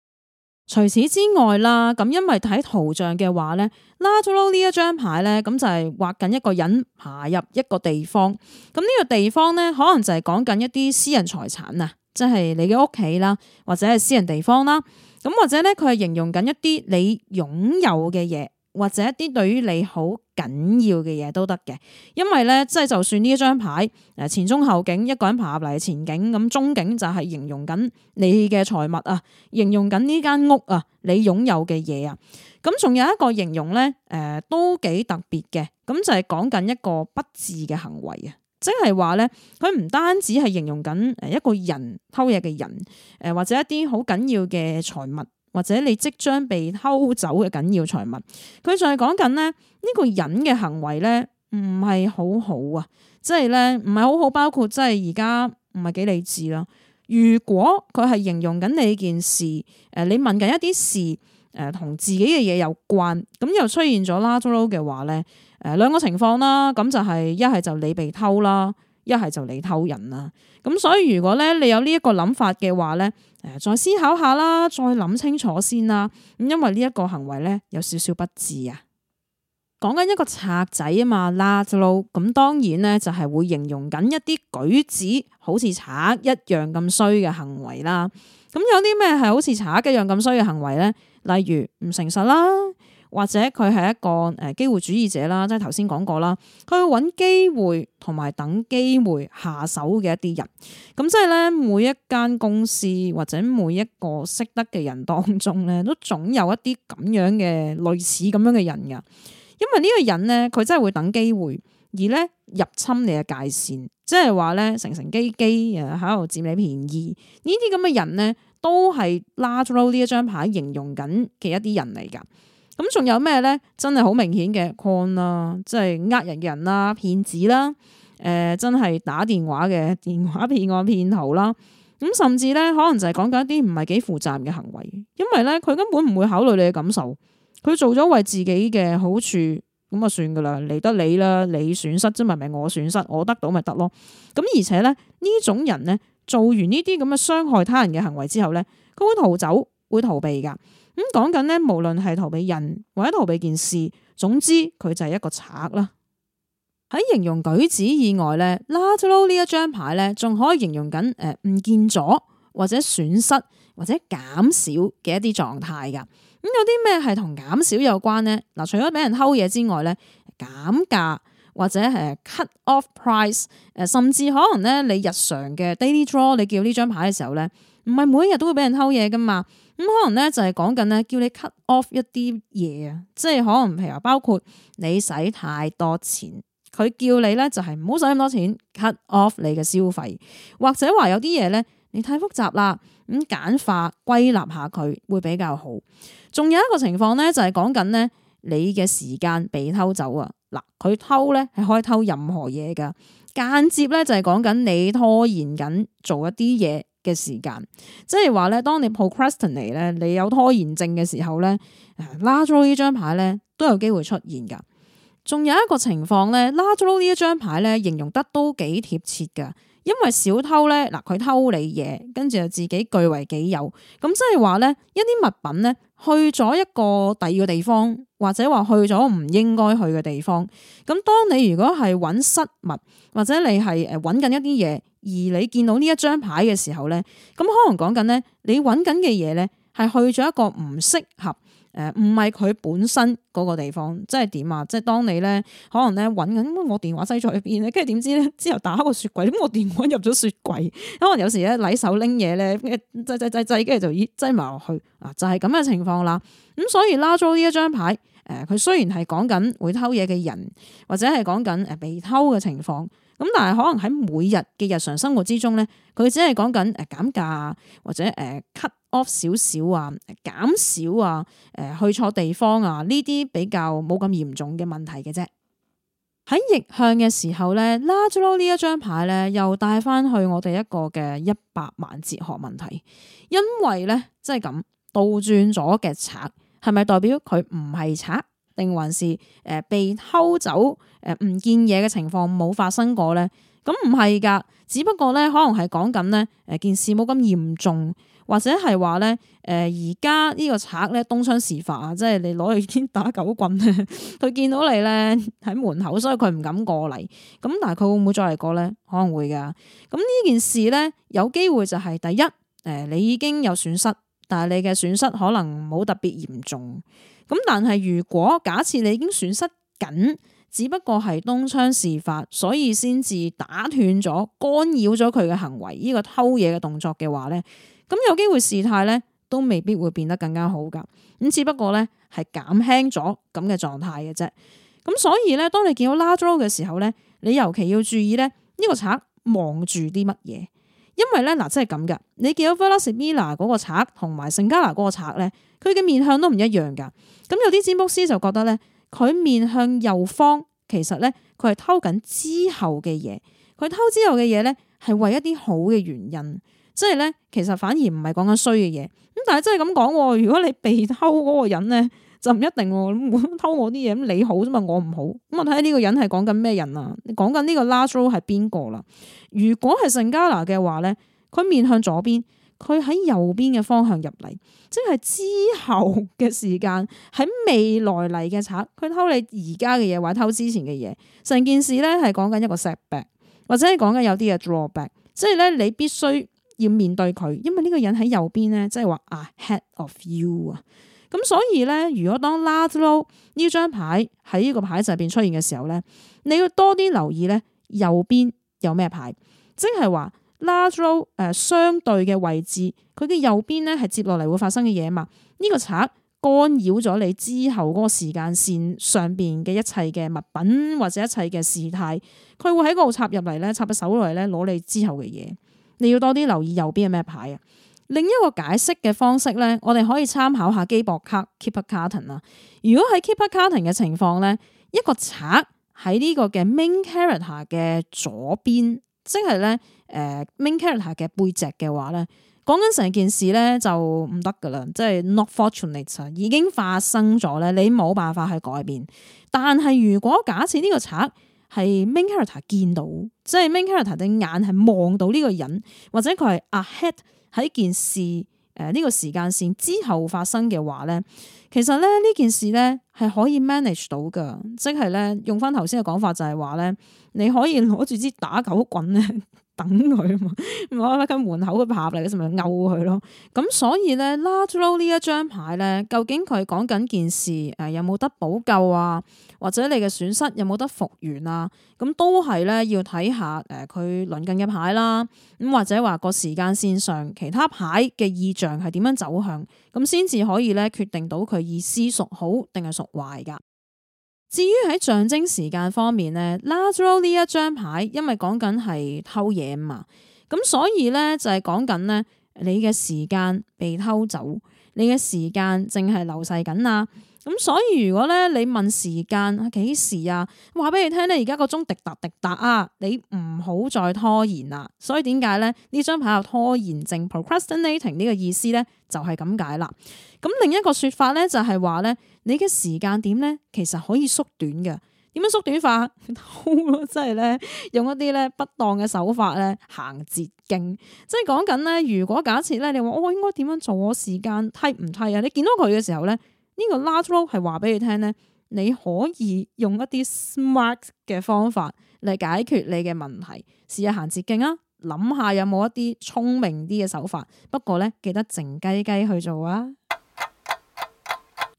A: 除此之外啦，咁因為睇圖像嘅話咧，拉咗落呢一張牌咧，咁就係畫緊一個人爬入一個地方。咁呢個地方咧，可能就係講緊一啲私人財產啊，即係你嘅屋企啦，或者係私人地方啦。咁或者咧，佢係形容緊一啲你擁有嘅嘢。或者一啲對於你好緊要嘅嘢都得嘅，因為咧，即係就算呢一張牌，誒前中後景，一個人爬入嚟前景，咁中景就係形容緊你嘅財物啊，形容緊呢間屋啊，你擁有嘅嘢啊，咁仲有一個形容咧，誒、呃、都幾特別嘅，咁就係講緊一個不智嘅行為啊，即係話咧，佢唔單止係形容緊誒一個人偷嘢嘅人，誒或者一啲好緊要嘅財物。或者你即將被偷走嘅緊要財物，佢就係講緊咧，呢個人嘅行為咧唔係好好啊，即係咧唔係好好，包括即係而家唔係幾理智啦。如果佢係形容緊你件事，誒，你問緊一啲事，誒同自己嘅嘢有關，咁又出現咗拉租佬嘅話咧，誒，兩個情況啦，咁就係一係就你被偷啦，一係就你偷人啦。咁所以如果咧你有呢一個諗法嘅話咧。誒，再思考下啦，再諗清楚先啦。咁因為呢一個行為咧，有少少不智啊。講緊一個賊仔啊嘛，拉粗。咁當然咧，就係會形容緊一啲舉止好似賊一樣咁衰嘅行為啦。咁有啲咩係好似賊一樣咁衰嘅行為咧？例如唔誠實啦。或者佢係一個誒機會主義者啦，即係頭先講過啦，佢會揾機會同埋等機會下手嘅一啲人。咁即係咧，每一間公司或者每一個識得嘅人當中咧，都總有一啲咁樣嘅類似咁樣嘅人噶。因為呢個人咧，佢真係會等機會，而咧入侵你嘅界線，即係話咧乘乘機機誒喺度佔你便宜。呢啲咁嘅人咧，都係拉 low 呢一張牌形容緊嘅一啲人嚟噶。咁仲有咩咧？真係好明顯嘅 con 啦，即係呃人嘅人啦、騙子啦，誒、呃，真係打電話嘅電話騙案、騙徒啦。咁甚至咧，可能就係講緊一啲唔係幾負責任嘅行為，因為咧佢根本唔會考慮你嘅感受，佢做咗為自己嘅好處，咁啊算噶啦，嚟得你啦，你損失啫嘛，咪我損失，我得到咪得咯。咁而且咧呢種人咧，做完呢啲咁嘅傷害他人嘅行為之後咧，佢會逃走，會逃避噶。咁講緊咧，無論係逃避人或者逃避件事，總之佢就係一個賊啦。喺形容舉止以外咧，last low 呢一張牌咧，仲可以形容緊誒唔見咗或者損失或者減少嘅一啲狀態噶。咁有啲咩係同減少有關呢？嗱、呃，除咗俾人偷嘢之外咧，減價或者誒 cut off price，誒、呃、甚至可能咧你日常嘅 daily draw，你叫呢張牌嘅時候咧，唔係每一日都會俾人偷嘢噶嘛。咁可能咧就係講緊咧，叫你 cut off 一啲嘢啊，即係可能譬如話包括你使太多錢，佢叫你咧就係唔好使咁多錢，cut off 你嘅消費，或者話有啲嘢咧你太複雜啦，咁簡化歸納下佢會比較好。仲有一個情況咧就係講緊咧你嘅時間被偷走啊，嗱，佢偷咧係可以偷任何嘢噶，間接咧就係講緊你拖延緊做一啲嘢。嘅時間，即係話咧，當你 procrastinate 咧，你有拖延症嘅時候咧，拉咗呢張牌咧都有機會出現噶。仲有一個情況咧，拉咗呢一張牌咧，形容得都幾貼切噶，因為小偷咧，嗱，佢偷你嘢，跟住又自己據為己有，咁即係話咧，一啲物品咧去咗一個第二個地方，或者話去咗唔應該去嘅地方，咁當你如果係揾失物，或者你係誒揾緊一啲嘢。而你見到呢一張牌嘅時候咧，咁可能講緊咧，你揾緊嘅嘢咧係去咗一個唔適合，誒，唔係佢本身嗰個地方，即係點啊？即係當你咧可能咧揾緊，咁我電話擠咗喺邊咧，跟住點知咧之後打開個雪櫃，咁我電話入咗雪櫃，可能有時咧攞手拎嘢咧，擠擠擠擠，跟住就擠埋落去，啊，就係咁嘅情況啦。咁所以拉咗呢一張牌。誒，佢雖然係講緊會偷嘢嘅人，或者係講緊誒被偷嘅情況，咁但係可能喺每日嘅日常生活之中咧，佢只係講緊誒減價或者誒 cut off 少少啊，減少啊，誒去錯地方啊，呢啲比較冇咁嚴重嘅問題嘅啫。喺逆向嘅時候咧，拉住攞呢一張牌咧，又帶翻去我哋一個嘅一百萬哲學問題，因為咧即係咁倒轉咗嘅賊。係咪代表佢唔係賊，定還是誒被偷走誒唔見嘢嘅情況冇發生過咧？咁唔係噶，只不過咧可能係講緊咧誒件事冇咁嚴重，或者係話咧誒而家呢個賊咧東窗事發啊！即係你攞去打狗棍，佢 *laughs* 見到你咧喺門口，所以佢唔敢過嚟。咁但係佢會唔會再嚟過咧？可能會噶。咁呢件事咧，有機會就係、是、第一誒，你已經有損失。但係你嘅損失可能唔好特別嚴重，咁但係如果假設你已經損失緊，只不過係東窗事發，所以先至打斷咗干擾咗佢嘅行為，呢個偷嘢嘅動作嘅話咧，咁有機會事態咧都未必會變得更加好噶，咁只不過咧係減輕咗咁嘅狀態嘅啫，咁所以咧當你見到拉刀嘅時候咧，你尤其要注意咧呢個賊望住啲乜嘢。因為咧嗱，真係咁噶，你見到 Velasilla 嗰個賊同埋聖加拿嗰個賊咧，佢嘅面向都唔一樣噶。咁有啲占卜師就覺得咧，佢面向右方，其實咧佢係偷緊之後嘅嘢，佢偷之後嘅嘢咧係為一啲好嘅原因，即係咧其實反而唔係講緊衰嘅嘢。咁但係真係咁講，如果你被偷嗰個人咧。就唔一定，咁偷我啲嘢，咁你好啫嘛，我唔好咁啊！睇下呢個人係講緊咩人啊？講緊呢個 last row 係邊個啦？如果係陳嘉納嘅話咧，佢面向左邊，佢喺右邊嘅方向入嚟，即係之後嘅時間喺未來嚟嘅賊，佢偷你而家嘅嘢，或者偷之前嘅嘢。成件事咧係講緊一個 setback，或者係講緊有啲嘅 drawback，即係咧你必須要面對佢，因為呢個人喺右邊咧，即係話 ahead of you 啊。咁所以咧，如果當 last row 呢張牌喺呢個牌集入邊出現嘅時候咧，你要多啲留意咧右邊有咩牌，即係話 last row 誒相對嘅位置，佢嘅右邊咧係接落嚟會發生嘅嘢嘛？呢、呢個賊干擾咗你之後嗰個時間線上邊嘅一切嘅物品或者一切嘅事態，佢會喺嗰度插入嚟咧，插把手落嚟咧攞你之後嘅嘢。你要多啲留意右邊係咩牌啊！另一個解釋嘅方式咧，我哋可以參考下《基博卡 Keeper Carton 啦。如果喺《Keeper Carton 嘅情況咧，一個賊喺呢個嘅 main character 嘅左邊，即係咧誒 main character 嘅背脊嘅話咧，講緊成件事咧就唔得噶啦，即係 not fortunate 已經發生咗咧，你冇辦法去改變。但係如果假設呢個賊係 main character 見到，即係 main character 隻眼係望到呢個人，或者佢係 ahead。喺件事誒呢、呃，呢個時間線之後發生嘅話咧，其實咧呢件事咧係可以 manage 到噶，即係咧用返頭先嘅講法就係話咧，你可以攞住支打狗棍咧。 *laughs* 等佢吖嘛，我喺佢門口嘅拍嚟，咁咪勾佢咯。咁 *music* 所以咧，拉 t h r o 呢一張牌咧，究竟佢講緊件事誒，有冇得補救啊？或者你嘅損失有冇得復原啊？咁都係咧，要睇下誒，佢鄰近嘅牌啦，咁或者話個時間線上其他牌嘅意象係點樣走向，咁先至可以咧決定到佢意思屬好定係屬壞噶。至於喺象徵時間方面咧，拉羅呢一張牌，因為講緊係偷嘢嘛，咁所以咧就係講緊咧你嘅時間被偷走，你嘅時間淨係流逝緊啦。咁所以如果咧你問時間幾時啊，話俾你聽咧，而家個鐘滴答滴答啊，你唔好再拖延啦。所以點解咧呢張牌有拖延症 （procrastinating） 呢個意思咧，就係咁解啦。咁另一個說法咧就係話咧，你嘅時間點咧，其實可以縮短嘅。點樣縮短 *laughs* 法？即係咧，用一啲咧不當嘅手法咧行捷徑。即係講緊咧，如果假設咧，你話我應該點樣做？我時間替唔替啊？你見到佢嘅時候咧。呢個拉特羅係話俾你聽咧，你可以用一啲 smart 嘅方法嚟解決你嘅問題，試下行捷徑啊！諗下有冇一啲聰明啲嘅手法。不過咧，記得靜雞雞去做啊！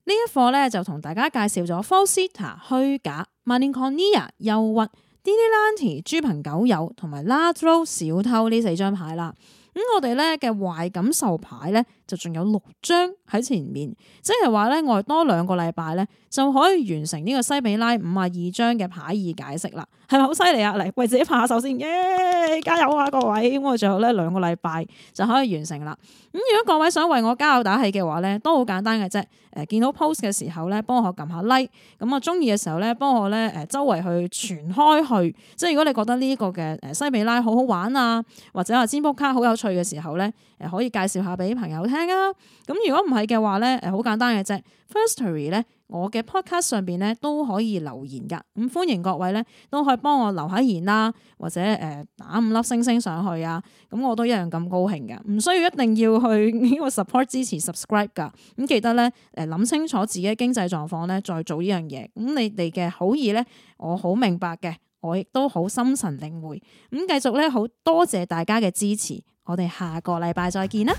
A: 一呢一課咧就同大家介紹咗 Falsità 虛假、Malinconia 憂鬱、Dilante 豬朋狗友同埋拉特羅小偷四張、嗯、呢四張牌啦。咁我哋咧嘅壞感受牌咧。就仲有六張喺前面，即係話咧，我哋多兩個禮拜咧，就可以完成呢個西比拉五啊二張嘅牌意解釋啦。係咪好犀利啊？嚟，為自己拍下手先，耶、yeah！加油啊，各位！咁我最後咧兩個禮拜就可以完成啦。咁如果各位想為我加油打氣嘅話咧，都好簡單嘅啫。誒，見到 post 嘅時候咧，幫我撳下 like。咁啊，中意嘅時候咧，幫我咧誒周圍去傳開去。即係如果你覺得呢個嘅誒西比拉好好玩啊，或者話占卜卡好有趣嘅時候咧，誒可以介紹下俾朋友聽。啊！咁如果唔係嘅話咧，誒，好簡單嘅啫。Firstly 咧，我嘅 podcast 上邊咧都可以留言噶，咁歡迎各位咧都可以幫我留下言啦，或者誒打五粒星星上去啊，咁我都一樣咁高興噶，唔需要一定要去呢個 support 支持 subscribe 噶。咁記得咧，誒諗清楚自己嘅經濟狀況咧，再做呢樣嘢。咁你哋嘅好意咧，我好明白嘅，我亦都好心神領會。咁繼續咧，好多謝大家嘅支持，我哋下個禮拜再見啦。